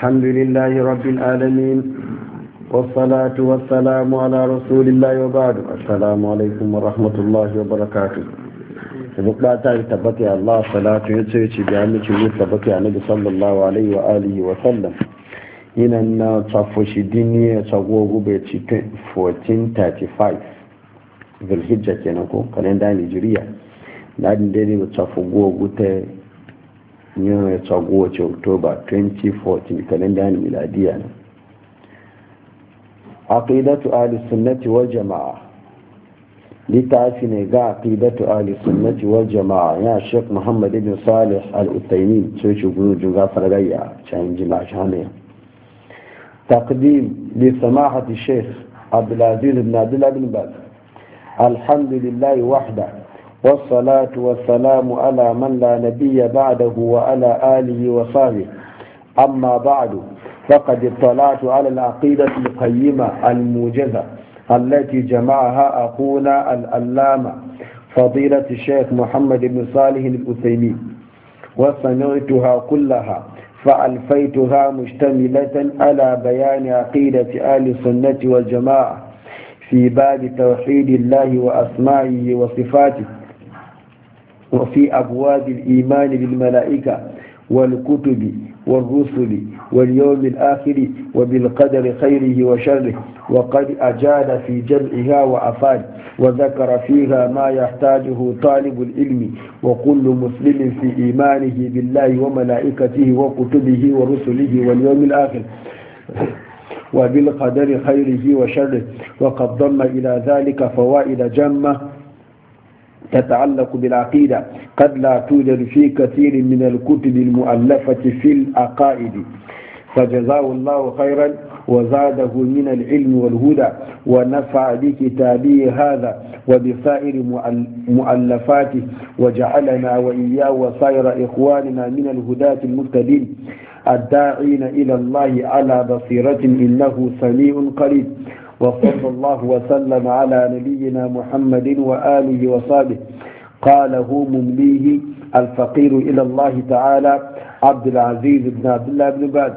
الحمد لله رب العالمين والصلاة والسلام على رسول الله وبعد السلام عليكم ورحمة الله وبركاته ya Allah salatu ya ce ci biya miki ne tabbata ya nabi sallallahu alaihi wa alihi 1435 ta yin tsago wace oktoba 2014 kalendar miladiya ne aqidatu ahli sunnati wal jama'a littafi ne ga aqidatu ahli sunnati wal jama'a ya Sheikh Muhammad ibn Salih al-Utaymin sai shi guru juga fargayya can jima shane taqdim li samahati Sheikh Abdul Aziz ibn Abdullah bin Baz alhamdulillah wahda والصلاة والسلام على من لا نبي بعده وعلى آله وصحبه أما بعد فقد اطلعت على العقيدة القيمة الموجزة التي جمعها أخونا الألامة فضيلة الشيخ محمد بن صالح الأثيمين وسمعتها كلها فألفيتها مشتملة على بيان عقيدة أهل السنة والجماعة في باب توحيد الله وأسمائه وصفاته وفي أبواب الإيمان بالملائكة والكتب والرسل واليوم الآخر وبالقدر خيره وشره وقد أجاد في جمعها وأفاد وذكر فيها ما يحتاجه طالب العلم وكل مسلم في إيمانه بالله وملائكته وكتبه ورسله واليوم الآخر وبالقدر خيره وشره وقد ضم إلى ذلك فوائد جمة تتعلق بالعقيدة قد لا توجد في كثير من الكتب المؤلفة في العقائد فجزاه الله خيرا وزاده من العلم والهدى ونفع بكتابه هذا وبسائر مؤلفاته وجعلنا وإياه وسائر إخواننا من الهداة المهتدين الداعين إلى الله على بصيرة إنه سميع قريب وصلى الله وسلم على نبينا محمد وآله وصحبه قال هو ممليه الفقير إلى الله تعالى عبد العزيز بن عبد الله بن باز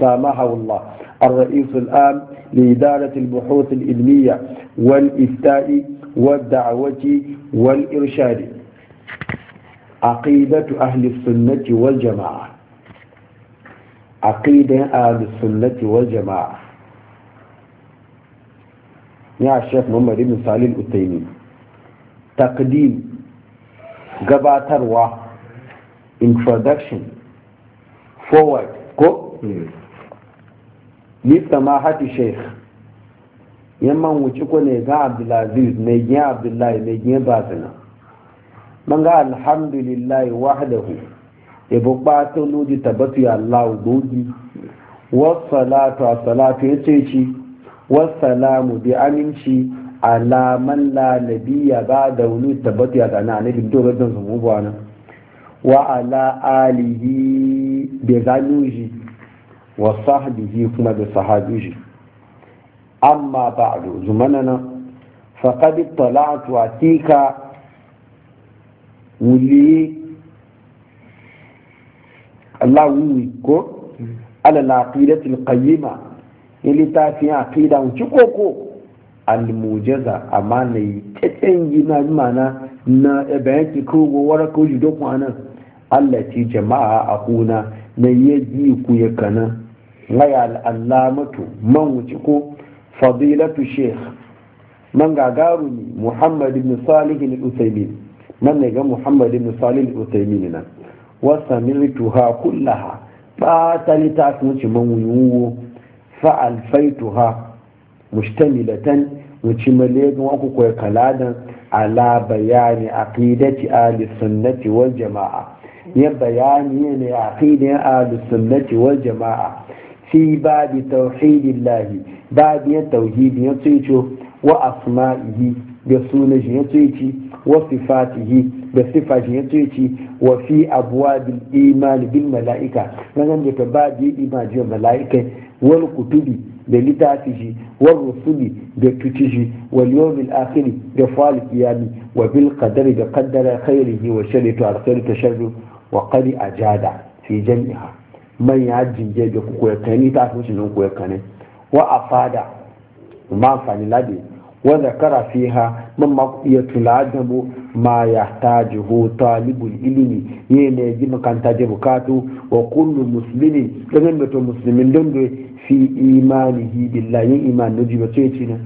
سامحه الله الرئيس الآن لإدارة البحوث العلمية والإفتاء والدعوة والإرشاد عقيدة أهل السنة والجماعة عقيدة أهل السنة والجماعة ya Sheikh Muhammad ibn Salih al Takdim. gabatarwa introduction forward ko ni hati sheikh yamman wuce ko ne ga Abdulaziz ne gina Abdullahi ne gina Bazina man ga alhamdulillahi wahdahu ya bu ɓata nuji tabbatu ya allahu gogi wasu salatu a salatu ya ce ci wassalamu bi aminci ala man la nabiyya ba da wani tabbatu ya tsana annabi dole zan zumu nan. wa ala alihi bi zanuji wa sahbihi kuma da sahabuji amma ba a ba'du zumanana faqad tala'tu atika wuli Allah wuli ko ala laqidatil qayyima littafin da wuce koko almujaza amma na yi kyakken gina mana na bayan ki kogo wara ko ji dokun anan Allah ce jama'a a kuna na yi yaji ku ya kana ngaya al'allamatu man wuce ko fadilatu sheikh man gagaru ne muhammadu misalihin salih man ne ga Muhammadu misalihin salih nan wa kullaha ba ta littafin wuce man wuwo fa'alfaituha mustamilatan wuce malegan waku kwaya kaladan ala bayani aqidati ahli sunnati wal jama'a ya bayani ne a ahli sunnati wal jama'a fi babi tauhidillah babi ya tauhidi ya tsoyico wa asma'ihi da sunan ya tsoyici wa sifatihi da sifa ya tsoyici wa fi abwabil iman bil mala'ika nan da babi iman mala'ika wal kutubi da littafi shi wal rusuli da tuci shi wal yawmil akhir da fa'al kiyami wa bil qadari da qaddara khairihi wa sharri to alkhairi ta sharru wa a ajada fi jami'a man ya jinje da ku koyar kan littafin shi nan koyar kan wa afada ma amfani ladi wanda kara fi ha man ma ya tula jamu ma ya ta ji hoto alibu ilimi ya yi mai ji makanta ji bukatu wa kullu musulmi da nan da to musulmi don da fi imani yi billayin imani da ji wace ci na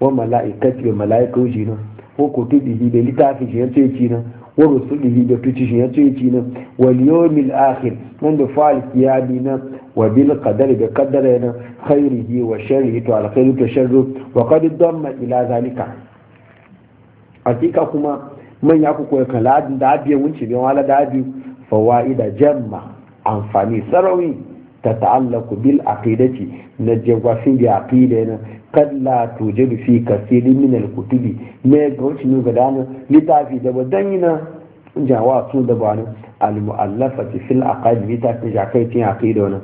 wa mala'ikaci da mala'ikau ji na ko kotu da yi da littafi shi ya ce ci na wa rusulihi da tuci ya tuci na wal yawmil akhir man da fa'al qiyami na wa bil qadari da qaddara na khairihi wa sharrihi to al khairu to sharru wa qad damma ila zalika hakika kuma man ya ku koyi kala da abiyan wuce ne wala da abiyu fawaida jamma amfani sarawi تتعلق بالعقيدة نجوا في عقيدة قد لا توجد في كثير من الكتب ما يقولش نقدان لتعفي دبا دينا جوا سون دبانا المؤلفة في العقائد لتعفي جاكيتين عقيدة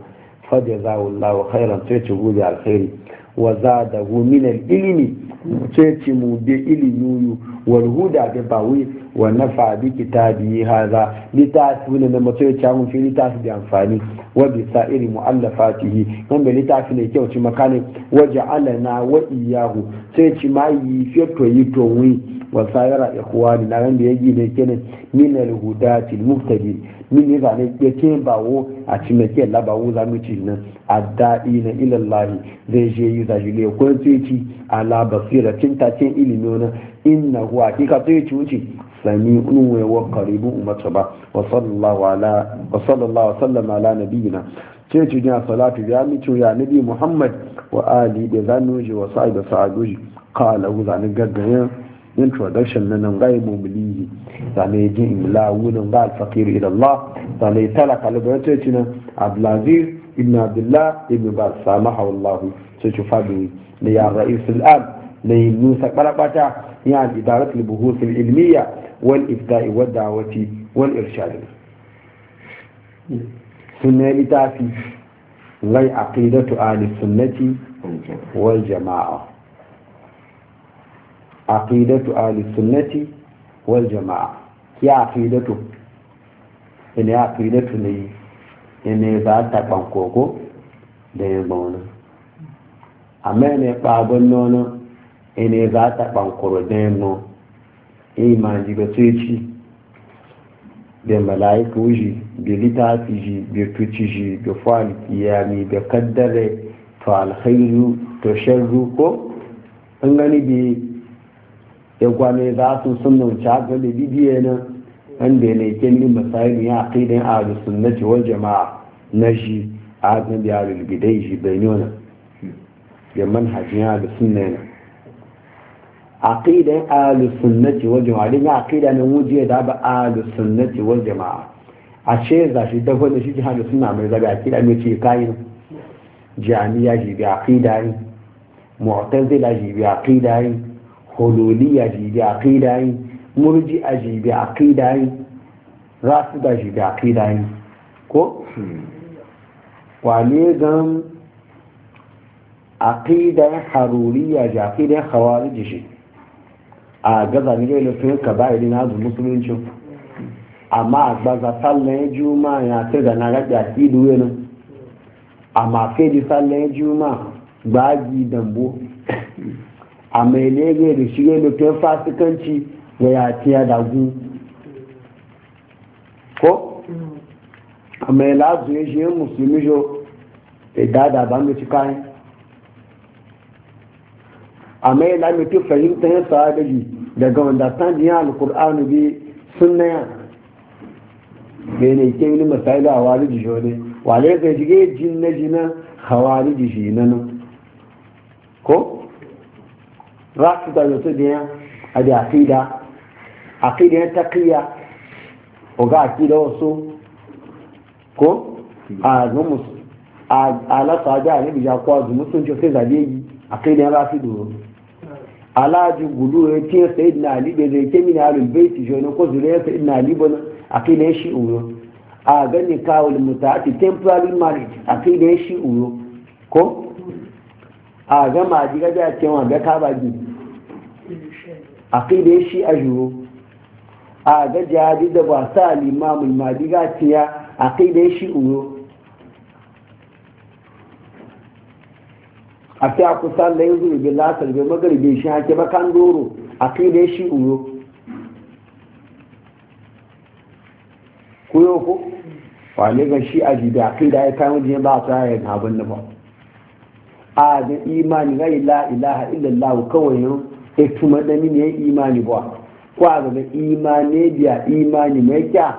فجزاه الله خيرا تيتشغو على الخير وزاده من العلم تيتشمو بالعلم والهدى بباوي wa nafa bi kitabi hadha litafi ne na mato ya chamu fi litas da amfani wa bi sa'iri mu'allafatihi wanda litas ne kyau ci makane wa ja'alana wa iyyahu sai ci ma yi feto yi to wi wa sayara ikhwani na da yaji ne kenan min al-hudati al-muhtadi min ne zane ya ke bawo a ci me ke labawo za mu ci nan addai na ila Allah zai je yi da jile ko sai ci ala basiratin ta tin ilimi wannan inna huwa hakika sai ci wuce sami'un wa qaribun umata ba wa sallallahu ala wa sallallahu sallam ala nabiyina ce ci ga salatu ya mi ya nabi muhammad wa ali da zanuji wa sa'i da sa'aduji qala hu zani gaggayen introduction na nan gai mumlihi zane jin imla wunan ga alfaqir ila allah zane talaka albarce ci nan abdulaziz ibn abdullah ibn bas samaha wallahu sai ci fadi ne ya ra'is al'am da yusa ɓarɓata ya idarat buhusul ilmiya wal ibda'i wa dawati wal irshad sunna litafi lai aqidatu ahli sunnati wal jama'a aqidatu ahli sunnati wal jama'a ya aqidatu ina aqidatu ne ne za ta koko da ya bauna amma ne babon nono ene za ta bankoro demo e ma ji ga tuci da mala'iku ji da littafi ji da tuci ji da fa'al kiyami da kaddare to alkhairu to sharru ko an gani bi ya gwane za su sunna wuce haka da bibiye nan an da ne ke ni masayin ya aqidan ahlus sunnati wal jamaa na shi a hakan da ahlul bidai shi bayyana da manhajin ahlus sunna عقيدة آل السنة والجماعة لما عقيدة نموذية دابة آل السنة والجماعة الشيزة شيء دفو نشي جهال السنة عمل زبا عقيدة أمي شيء كاين جامية جي بعقيدة معتزلة جي بعقيدة حلولية جي بعقيدة مرجئة جي بعقيدة رافضة جي بعقيدة كو وعليزم عقيدة حرورية جي عقيدة خوارج جي a gaza ni gaila sun ka ba irin azu musulunci amma a gbaza sallan juma ya ce da na rabi a idu yana amma sai di sallan juma gbagi dambo a mai lege da shi gaila sun fasikanci ga ya ce ya dagu ko mm. a mai lazu ya shi yin musulmi jo da dada ban da ci kayan amma ya lami tu fahimta ya sa gaji daga wanda ta jiya alkur'anu bi sunna ya bai ne ke wani da a wani shi ne wale ka shige jin na jina hawari jiji na nan ko za su da zato da ya a da akida akida ya ta taqiya o ga akida wasu ko a zumus a alasa da ne bi ya kwazu mutunci sai zabe yi akida ya rafi duro alhaji gudu ya ce sai ina libe zai ke mini halin bai ti shoni ko ya sai ina libe na a kai da ya shi uyo a gani kawul muta a ti temporary marriage a kai da ya shi uyo ko a gama a jiga da cewa ga kaba gi a kai da ya shi a juro a ga jihadi da ba sa limamun ma diga tiya a kai da ya shi uyo a fi a kusa da yanzu zuru lasar bai magarbe shi hake kan doro a kai da shi uro kuyo ko wane ga shi a jibi a kai da ya kayan wajen ba ta yaya na abin da ba a da imani ga ila ilaha illallah kawai yau ya tuma da mini ya imani ba ko a ga imani biya imani mai kya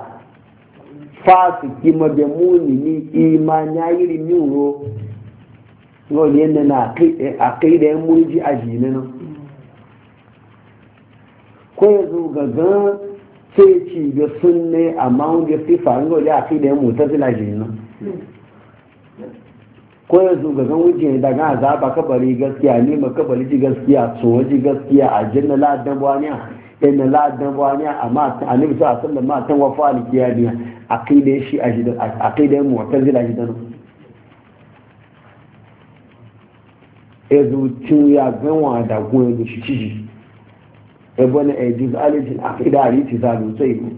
fasiki mabemuni ni imani ya yi rimiro lọ́ọ̀lì ẹ̀nà náà àkéde ẹ̀ mú jí àjì nínú kó yanzu gangan sai ci ga sun ne amma wọ́n fi faru lọ́ọ̀lì àkéde da mú tẹ́sílà jì nínú ko yanzu gangan wuce da gan azaba kabari gaskiya ne ma kabari ji gaskiya tsoho ji gaskiya a jinna ladan bwaniya inna eh, ladan a amma annabi sallallahu alaihi wasallam ma tan wafa alkiyaniya aqida shi a shi da aqida mu'tazila shi da ezu ya ganwa da kuma da shi ciji na bane a jiz alijin a kai za mu sai mu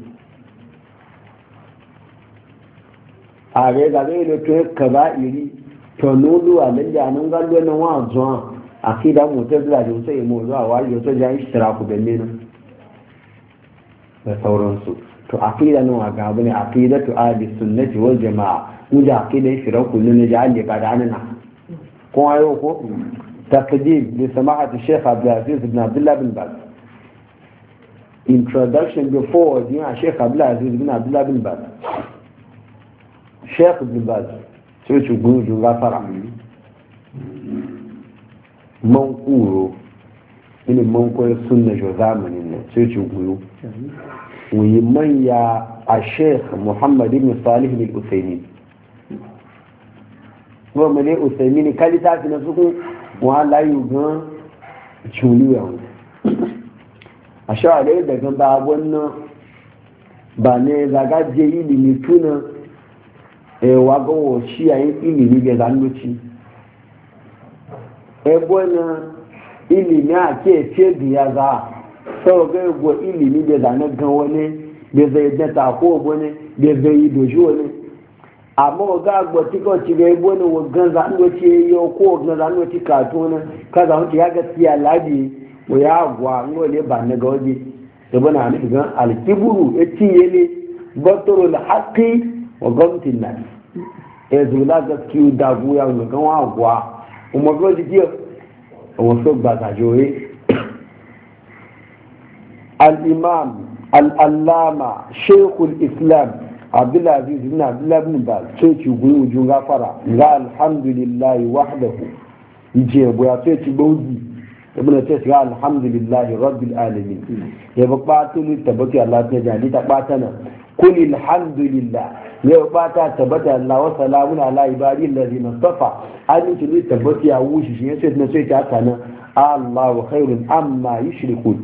a ga ga zai da to ka ba iri to nulu a nan da nan gallo na wa zuwa a kai da mu ta zira da sai mu zuwa wa ya so ja ishtira ku da nan da sauransu to nan a gabu ne sunnati wal jamaa mu da aqida shiraku ne ne ja alli ba da nan ko ayo ko تقديم لسماحة الشيخ عبد العزيز بن عبد الله بن باز introduction before دين الشيخ عبد العزيز بن عبد الله بن باز الشيخ بن باز سويتش قنوج غفر عمي منقورو ini mun koyi sunna jo zamanin nan sai ci guyu wuyi manya a sheikh muhammad ibn salih bin usaini kuma mane usaini kalita wọn aláyò gan ìtúlù ẹ̀wọ̀n àṣọ àrẹ ìdẹ̀gan bá agbọ́ náà bà ní ẹ̀zàgá jẹ ìlì ní túnà ẹ̀wà gọ́wọ̀ sí àyín ìlì ní gẹ̀ẹ́gà lóti ẹgbọ́ na ìlì ní àti ẹ̀tí ẹ̀dùn yàrá sọ̀rọ̀ ìlì ní gẹ̀ẹ́gà náà gan wọlé gẹ̀ẹ́gà ìdẹ́ta àkó wọlé gẹ̀ẹ́gà ìdòjú wọlé amma ga agbati ko ci ga ibo ne wagan za ndo ci yo ko wagan za ndo ci kato ne ka za mu ya gaskiya labi mu ya gwa ngo ne ba ne ga waje da bana ne ga alkiburu e ci batoro batrul haqqi wa gamtin nas e zula gaskiyu da bu ya mu ga wa gwa kuma ga ji wa so ba ta joye al imam al allama shaykhul islam abdulaziz ibn abdullahi ibn ba sai ci guyi ujun gafara ga alhamdulillahi wahdahu yace boya sai ci bauzi ibn sai ga alhamdulillahi rabbil alamin ya ba patulu tabaki allah ta jadi ta patana kul alhamdulillah ya ba ta tabata allah wa salamun ala ibadi allazina safa an ci tabaki ya wushi shi sai na sai ta kana الله خير أما يشركون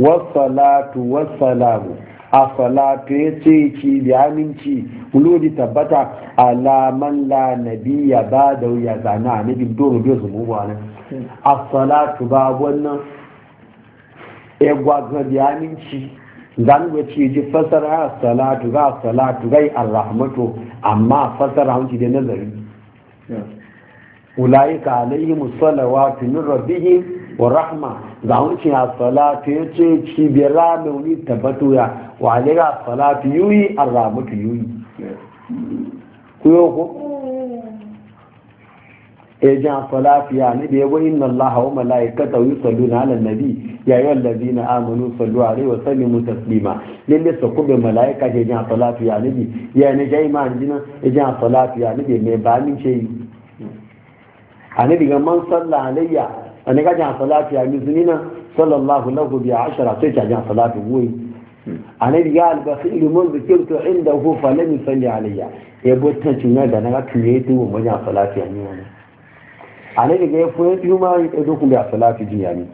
والصلاة والسلام a salatu ya ce ki da aminci wulodi tabbata alaman la nabi ya ba da ya zana a nabi doro bai zubu ba nan a salatu ba wannan ya e da aminci zan ga ce ji fasara a salatu ga a salatu gai arrahmatu amma fasara hanci da nazari ulaika alaihi musallawatu min rabbihim wa rahma ga mu ci a salatu ya ce ci bi wani tabbato ya wa alira salatu yuyi an ramutu yuyi ku yau ko e jan salatu ya ni da yabo inna Allah wa malaikata na ala nabi ya yi ayyuhal na amanu sallu alaihi wa sallimu taslima lalle su kube malaika ke jan salatu ya ni ya ni ima an jina e jan salatu ya ni me ba min ce yi annabi ga man sallah alayya a ne gajan salatu a mizu nina sallallahu lahu biya ashara sai ta jan salatu goyi a ne biya albasi ilimin zikirtu inda hu falami salli alayya ya e bota cina da na kaka ne tu wa majan salatu ya nina ne a ne daga ya fuye tu ma e ya ɗauko biya salatu jin ya ne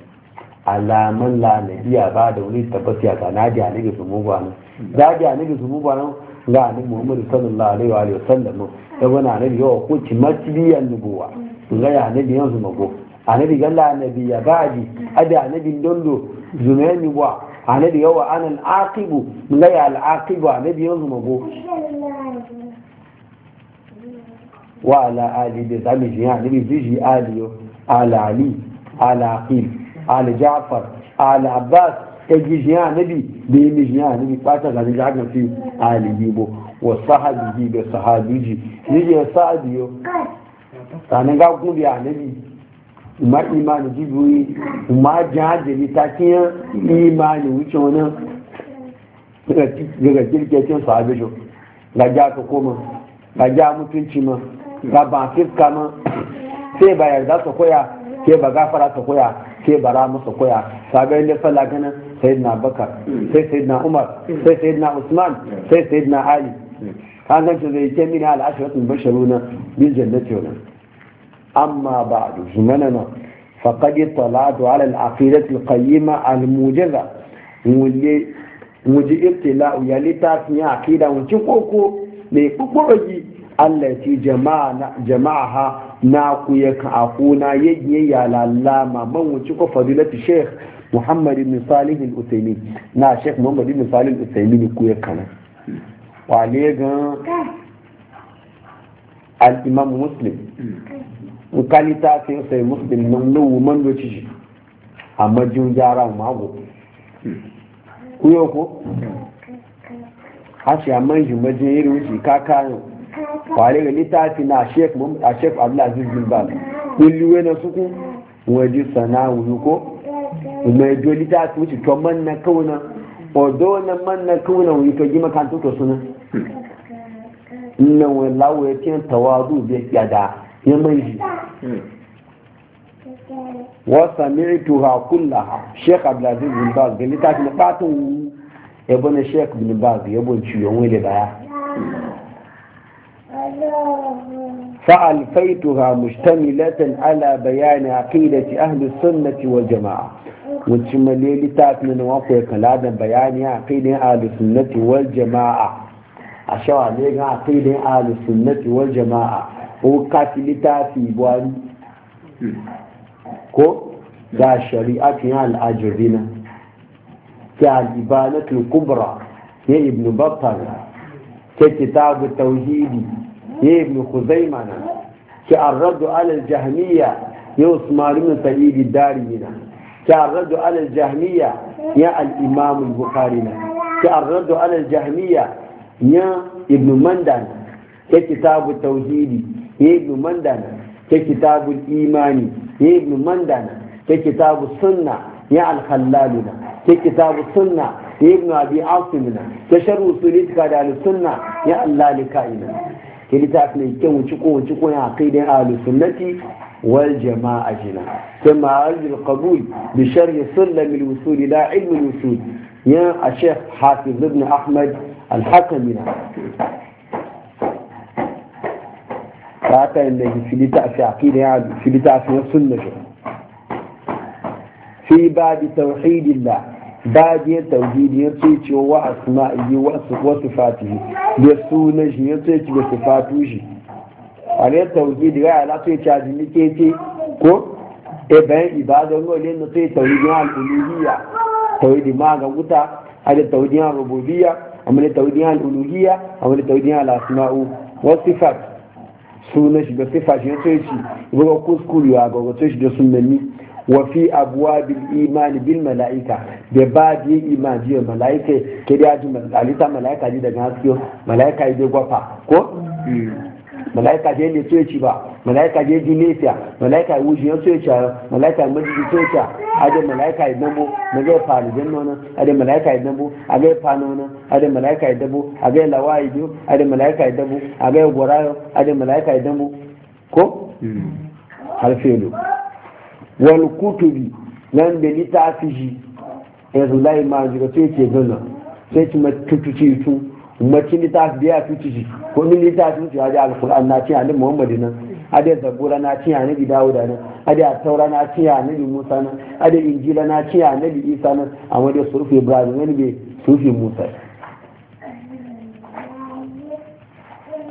alaman la ne iya ba da wani tabbata ya tsana da ne ga su mugwanan da da ne ga su mugwanan ga annabi Muhammad sallallahu alaihi wa sallam da wani annabi yawa ko ci masbiyan nubuwa ga ya annabi yanzu mago annabi galla annabi ya ba'di ada annabi dondo zunani wa annabi yawa ana al-aqibu la ya al-aqibu annabi yanzu mago wa ala ali da zami jiya annabi jiji ali ala ali ala aqil ala ja'far ala abbas ta jiya annabi da yi jiya annabi fata ga jiya ga fi ali bibo wa sahabi bi sahabiji jiya sahabiyo sanin ga gudu annabi ma imani jibuyi ma jihajjali ta kiyan imani wuce wani daga jirgin sabisho ga ja ka koma ga ja mutunci ma ga ba fiska ma sai ba yarda su koya sai ba gafara su koya sai ba rama su koya sabai da fala gana sai na bakar sai sai na umar sai sai na usman sai sai na ali an ganci zai ke mini al'ashiratun basharuna bin jannati wannan أما بعد زمننا فقد اطلعت على العقيدة القيمة الموجزة واللي muji ibtilau ya littafin ya akida wancin koko mai kukurugi allati jama'aha na ku ya ka'afuna ya yi ya lalama man wuce ko fadilatu sheikh muhammad ibn salih na sheikh muhammad ibn salih al-usaimi ne ku ya kana wale al-imam muslim nkali ta fi sai muslim nan nawu man do ci a majin jara mago go ku yo ko hashi amma ji maje yiri wuce kaka ne kware ga litafi na a sheikh abdulaziz bin baz kullu wena suku sana sana'u ko mai jo litafi wuce to man na kauna odo na man na kauna wuce ka gima kan suna nan lawo ya tin tawadu bi yada ya mai ji hmm. wasa mai tuha kulla ha sheik abdulaziz bin baz da litafi ya bane sheik bin ya bane ciwon wani daya fa’al faituwa mustami latin ala bayani a kai da ci ahli sunnati jama’a wacce male litafi na wako ya kala da bayani a kai da ahli sunnati wa jama’a a shawa ne ga a kai da ahli sunnati wa jama’a ko kati littafi buhari ko ga shari'atun al'ajirina ke al'ibanatul kubra ya ibn battal ke kitabu tauhidi ya ibn khuzaimana ke arraddu alal jahmiya ya usman ibn sa'id darina ke arraddu alal jahmiya ya al-imam al-bukhari na ke arraddu alal jahmiya ya ibn mandana ke kitabu tauhidi ya ibn mandana ke kitabu imani ya ibn mandana ke kitabu sunna ya al-khallaluna ke kitabu sunna ya ibn abi asimina ke sharhu sulitka da al-sunna ya allalika'ina ke littafi ne ke wuci ko wuci ko ya aqidan al-sunnati والجماعة جنا كما عرض القبول بشرح سلم الوصول إلى علم الوصول يا الشيخ حافظ Ahmad, أحمد الحكمنا kata inda yi filita a shaƙi da ya filita a fiye sunna shi fi ba bi tauhidillah ba biya tauhidi ya ce ce wa asma'i wa sifatihi da sunan shi ya ce ce da sifatu shi a ne tauhidi ga ala ce ce ajin ke ce ko e bayan ibada ruwa ne na sai tauhidi na al'uluhiyya tauhidi ma ga wuta a da tauhidi na rububiyya a mana tauhidi na al'uluhiyya a mana tauhidi na al'asma'u wasu sifatu suna shi da sifa shi to yace ruwa kuskuri a ga shi da sunnani wa fi abwabil imani bil malaika da ba bi iman jiya malaika ke da ji malaika ji daga haske malaika ji gwafa ko hmm. malaika je ne so ci ba malaika je ji nefiya malaika wuji ya so ci ba malaika majiji so ci a da malaika ya dabo na zai faru jan nono a da malaika ya dabo a ga fa nona a da malaika ya dabo a ga lawayi jo a da malaika ya dabo a ga yau a da malaika ya dabo ko harfelo wal kutubi nan da litafi shi yanzu lai ma jira sai ce gana sai ci ma ci tu Makin littafi biya su ci ko min littafi su ci hadi alquran na ci hannun muhammadu nan hadi zagora na ci hannun bi dawuda nan hadi asaura na ci hannun bi musa nan hadi injila na ci hannun bi isa nan a wani surufi ibrahim wani bai surufi musa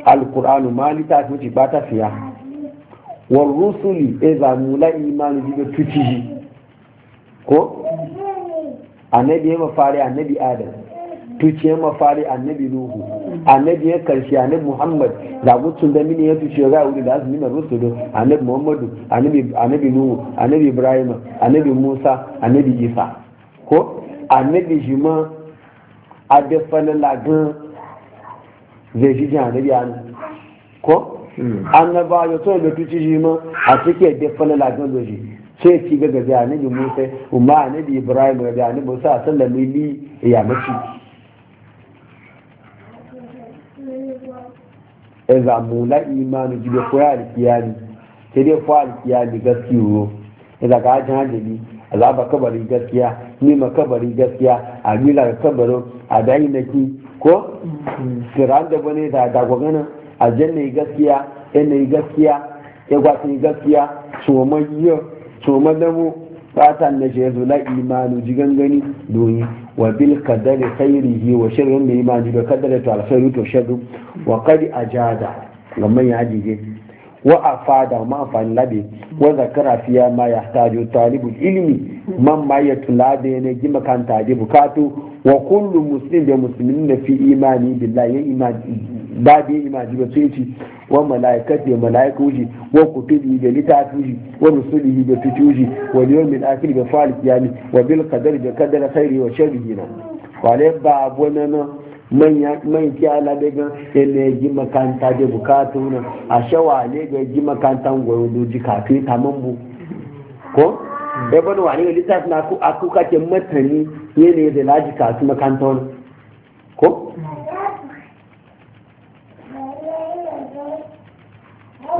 alquranu ma littafi su ci ba ta fiya wal rusuli e idza mula imanu bi tuci ko annabi ya mafari annabi adam ma mafari annabi nuhu annabi ya karshe annabi muhammad da gutsun da mini ya tuciyar ga wuri da azumi na rusulu annabi muhammadu annabi nuhu annabi ibrahim annabi musa annabi isa ko annabi jima adefana lagan zai shi jihar annabi an ko hmm. annaba ya tsoye da tuci jima a cikin adefana lagan zai shi sai ci ga gaza annabi musa umma annabi ibrahim ga annabi musa sallami li ya mace eza mula imanu jibe koya alkiyali sai dai kwa gaski gaskiyo eza ka ajin hajjabi azaba kabari gaskiya nima kabari gaskiya a mila ga kabarin a dayi na ki ko tiran da bane da dagwagana a janna gaskiya ene gaskiya ya gwata gaskiya tsoma yiyo tsoma damu fatan na shi zo la imanu jigangani gangani wa bil kadari khairihi wa sharrin bi ma jiba kadari to alkhairu to sharru wa qad ajada gamman ya jige wa afada ma afan labi wa zakara fiya ma yahtaju talibul ilmi gima kan taji bukatu wa kullu muslim da muslimin da fi imani billahi ya imani ba da yi maji ba sai ci wa malaikati da malaiku ji wa kutubi da litafi ji wa rusulihi da tutuji wa yawmil akhir da fal kiyami wa bil qadari da qadara khairi wa sharrihi na wale ba bona na manya man kiyala da ga ele ji makanta da bukatu na a ne ga ji makanta goyo doji kafe tamambu ko bai bani wani littafi na aku kake matani ne ne da laji kasu makanta wani ko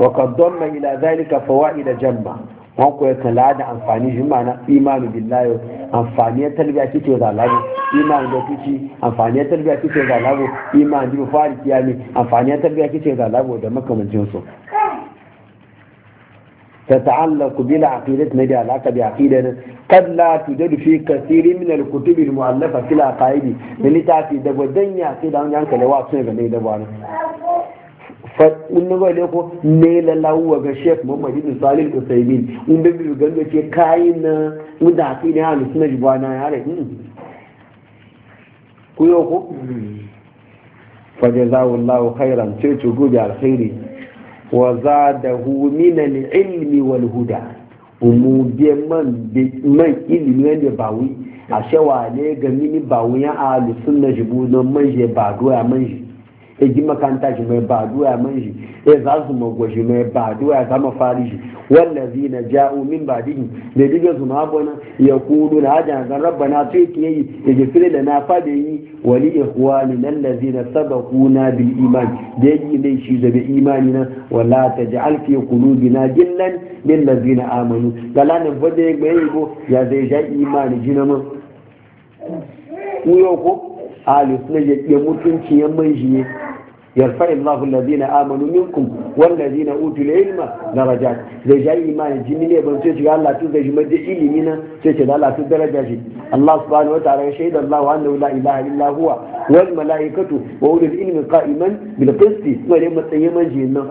وقد ضم إلى ذلك فوائد جمة wanko ya kala da amfani shi ma'ana imanu billahi amfani ya talbiya kike da lagu imanu da kici amfani ya talbiya kike da lagu imanu bi fari kiyami amfani ya talbiya kike da da su تتعلق بالعقيدة ندي علاقة بعقيدة قد لا توجد في كثير من الكتب المؤلفة في العقائد اللي تعطي دبو دنيا عقيدة عن ينكلوا سنة غني in ba ne ko ne lalawu ga sheikh muhammadu bin salim usaimin in bai bi ganga ce kayi na wanda ne halu suna jiba na rai mm. ku yo ko fa jazawallahu khairan ce ce gobe alkhairi wa zadahu min al-ilmi wal huda umu bi man man ilmi ne bawi a shawa ne ga mini bawuyan ahlus sunna jibu na manje ba doya manje ya ji shi mai ba duwa man shi ya e za su magwa shi mai ba duwa ya zama fari shi wallazi na ja'u min ba dini da diga su ma bona ya kudu na hajjan zan rabba na sai ke yi ya e ji fili da na fada yi wali ikhwani nan lazi na saba kuna bil iman da ya yi shi zabe imani na wala ta ji alfi kulubi na gillan min lazi na amanu lanin fada ya yi go ya zai ja imani jina man. yau ko? Ali suna ya mutunci ya man shi ne yarfa illahu allazina amanu minkum wallazina utul ilma darajat zai jayi imani jini ne ban sai ga Allah tun da shi maje ilimi na sai ce da Allah tun daraja shi Allah subhanahu wa ta'ala ya shaida Allah wa la'ilaha. la ilaha illa huwa wal malaikatu wa ulul ilmi qa'iman bil qisti na dai matsayin manjin nan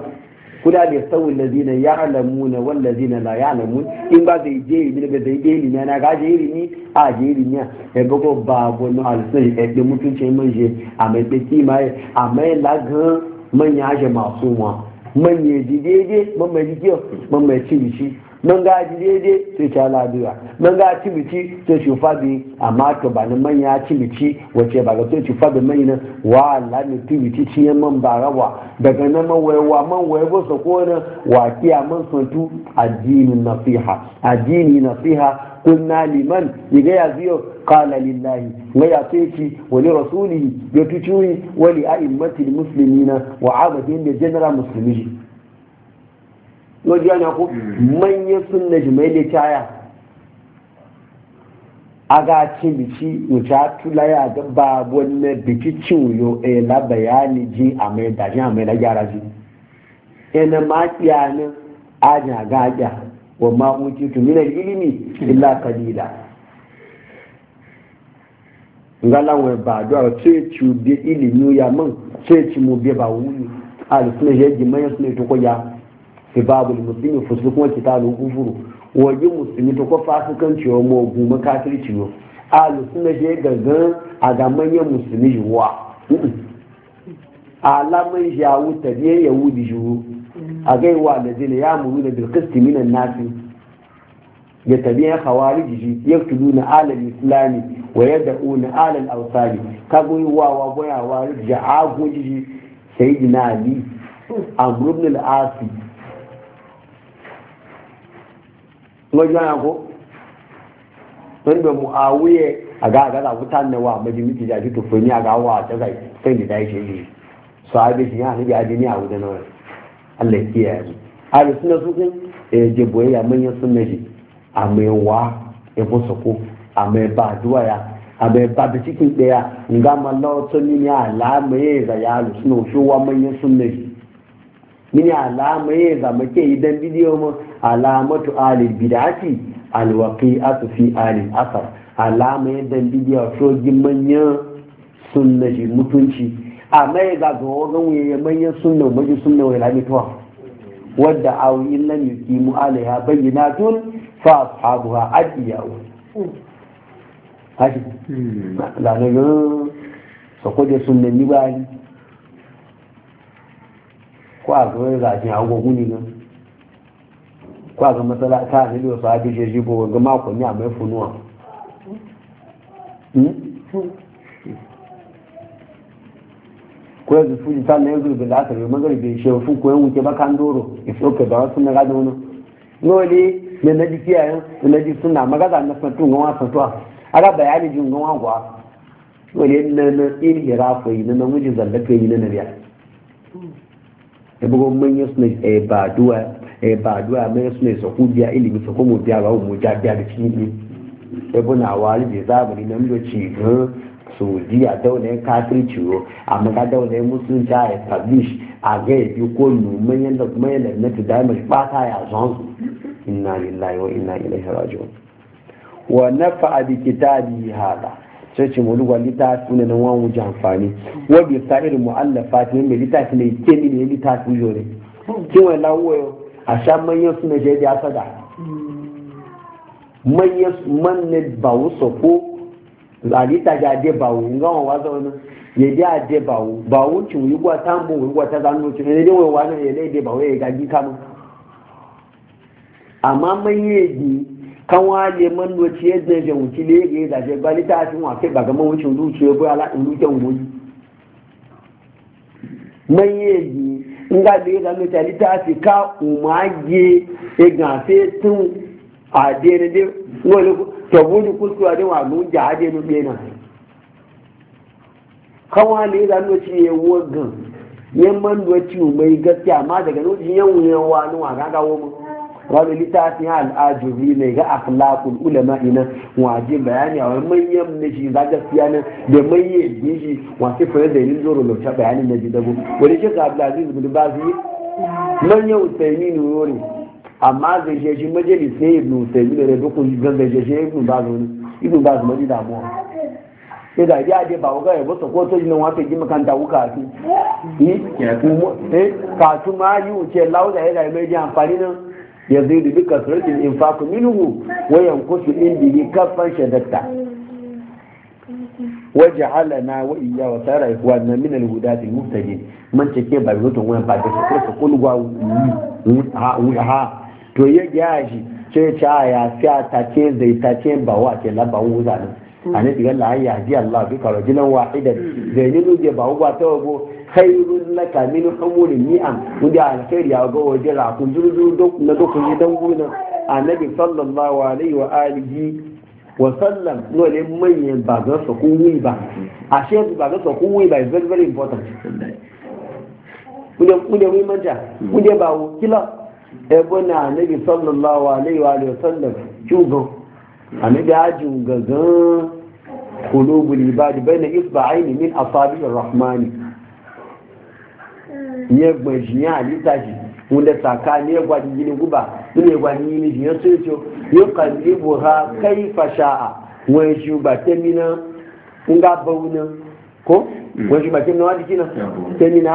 kuda da sau lazina ya alamu na wallazina la ya alamu in ba zai je ilimi ba zai je ilimi na ga je ilimi a je ilimi ya bago ba gonu alisai ya ɗi mutuncin manje a mai ɗaki mai a mai lagun manya aje masu wa manye jide jide mamaye ji kiyar mamaye ci mun ga daidai sai ta labiya mun ga ci sai shi fadi amma to ba ni manya ci wace ba ga sai shi fadi mai nan wa Allah ni ci bici man ba daga nan man waye wa man waye ba so ko nan wa kiya man santu addini nasiha addini nasiha kunna liman yiga ya ziyo qala lillahi wa ya teki wa li rasulihi ya wani wa li a'immatil muslimina wa abadin da general musulmi. wajen na ko manyan sun na jimai da caya a ga cin biki wuce tula ya ga ba wani biki cin wuyo a e la bayani ji a mai da shi a mai da gyara ji ina e ma kiyanin ajin ga ajiya wa tu tuminar ilimi illa kalila ngalawa ba do ce ci bi ilimi ya mun ce ci mu bi ba wuni a da suna yaji mai suna to ko ya ibabul muslimi fusukun kitabu kufuru waje musulmi to ko fasikanci wa mu guma kafirci yo alu sunna je gangan a ga manyan musulmi wa ya wuta tabiyan yahudi juru a ga wa lazina ya muru da bil qisti minan nasi ya tabiyan khawariji na alal islami wa na alal awsali kago wa wa boya wa ja'a gojiji sayyidina ali amr al-asi lọ́jọ́ àyàkó lọ́jọ́ mu àwúyẹ àgáàgáà àwúta nẹwà mẹ́jìmí ti jàjú a fẹ́ ní àgáwà àtẹ́gà ìfẹ́ǹdìdá ìṣe a sọ abẹ́ sí yáà níbi adé ní àwùjọ náà rẹ̀ alẹ́ kí ẹ̀ rí alẹ́ sínú sókún a bòye àmẹ́yẹ sún méjì àmẹ́ wá ẹ̀fọ́ sọ̀kó àmẹ́ bá àdúrà ya àmẹ́ bá bẹ́síkì pé ya ǹgá máa lọ́ọ́ tó ní ní àlá àmẹ́yẹ ìzàyà alùsùn òfin wá mẹ́yẹ sún méjì mini alama ya zama ke don bidiyo mu alamatu alil bidati alwaqi'atu fi alil asar alama ya dan bidiyo so manya sunna shi mutunci a mai ga ga wagan ya manyan sunna maji sunna wai lamituwa wadda aw illa yuqimu alaiha tun fa ashabuha adiyaw haji la hmm. ne ga sokode sunna ni bani ko hmm? a ga zafin agogun ne a ga matsala ta ga a mai funuwa ko fuji ta na yanzu da lasa mai magarbe shi fu ko yan wuce bakan doro ifi oke da wasu na gada wani n'oli na naji na naji suna magaza na santun gawa santuwa aga bayani jin nwa gwa n'oli na na in yi na yi na ebugo manya suna ebaduwa ebaduwa manya suna isaku biya ilimi sako mu biya ba mu ja biya da cikin ebu na wali da zamani na mdo ci gan saudiya daular kafirci ro amma ka daular musulunci a establish a ga yabi ko numan da kuma da na ta damar bata ya zon inna lillahi wa inna ilaihi raji'un wa nafa'a bi kitabi hada sai ce mu lugwa litafi ne na wọn wuce amfani wọn bi sa irin mu'allafa ti mai litafi ne ke ni ne litafi yo ne kiwon lawuwa a sha manyan su na shaidi manya manyan manne ba wusa ko alita ga ade ba wu nga wọn waza wani ya de ade ba wu ba wu ci wuyi gwa ta mbu wuyi gwa ta zanu ci ne de wani wani ya de ba wu ya gaji kama amma manya ya kan waje man doci yadda ya wuce ne ga ya zaje ba ni ta fi wa kai ba ga man wucin zuciya ya ala in wuce wuri man yi in ga da ya zama ta ni ta fi ka umage ya gafe tun a dena dai wani tabbuni kuskuwa dai wa mun ja dai mun bena kan waje ya zama doci ya wogan yan man doci mai gaskiya amma daga lokacin yan wuyan wani wa ga wani littafin al'ajubi mai ga akhlaqul ulama ina waje bayani a wani manyan na shi za gaskiya nan da manye bi shi wasu fara da yin zoro lauta bayanin na jidago wani shi ka abdulaziz bin bazi manyan usaimi ne yori amma zai shi shi majalis ne ibn usaimi da dukkan zan zai shi ibn bazi wani ibn bazi maji damuwa sai da ya je ba wuga ya bata ko to jinan wata gima kan ta wuka su eh kasu ma yi wuce lauda ya da mai ji amfani nan yazidu bi kasratin infaq minhu wa yanqusu indi kaffan shadatta waj'alna wa iyya wa sara na min al ta al-muhtadin man take ba yoto wani ba da ko ko kulwa ha ha to ya gaji ce ta ya ta take zai ta ce ba wa ke la ba wuza ne a nabi yalla ayi hadi Allah bika rajulan wahidan zainulu je ba uba ta wabo khairun laka min humurin ni'am wanda alkhairi ya ga waje ra kun juru na doku ji dan gona annabi sallallahu alaihi wa alihi wa sallam no le manyan ba ga su ku wi ba a she ba ga su ku wi ba is very very important kunde kunde wi manja kunde ba wo kila ebo na annabi sallallahu alaihi wa alihi wa sallam shugo ani da ajin gagan kulubul ibadi bayna isba'aini min asabi'ir rahmani ne gbajin ya alita shi wanda tsaka ne gwaji gini guba ne gwaji gini shi ya sai ce yi kallibu ha kai fasha'a wani ba ko wani ba na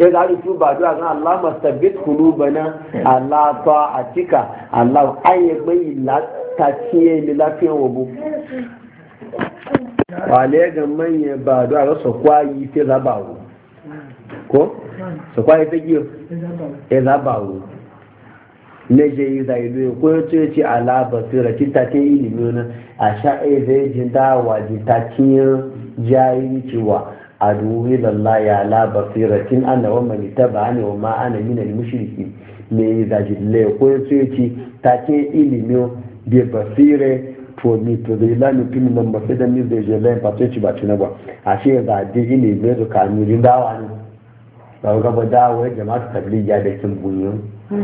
ya za a rufu ba duwa zan Allah masabit kulubana Allah ta a cika Allah an yi bai lataciye ni lafiyan wabu ga manya ba duwa ga sakwayi ta zabawo ko sakwayi yi giyo ya na yi ya ce ala basira ta ce ilimi na a sha'ai e zai ji dawa ji ta wa adu lalla ya la basiratin anna wa man tabani wa ma ana min al mushriki me zaji le ko yace ta ce ilimi bi basire to mi to da ila mi kin nan ba sai da mi zai je lai ba ce ba a ba ashe ba di ilimi da kanurin dawa ne ba ga ba dawo jama'a tabligh ya da kin bunyo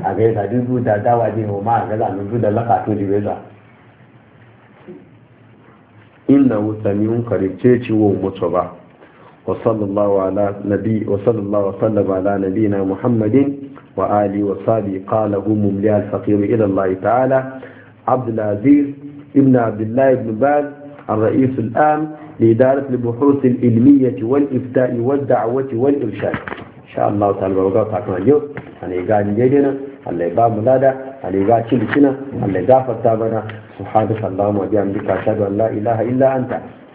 a ga da dubu da dawa ne wa ma ga da dubu da to di beza inna wutamiyun karice ciwo mutu ba وصلى الله على نبي وصلى الله وسلم على نبينا محمد وآله وصحبه قال هم مملي الفقير إلى الله تعالى عبد العزيز ابن عبد الله بن باز الرئيس الآن لإدارة البحوث العلمية والإفتاء والدعوة والإرشاد إن شاء الله تعالى وقال تعالى اليوم أنا يقال جيدنا الله يبام ملادا أنا يقع شلشنا الله يغافر تابنا سبحانك اللهم وبحمدك أشهد أن لا إله إلا أنت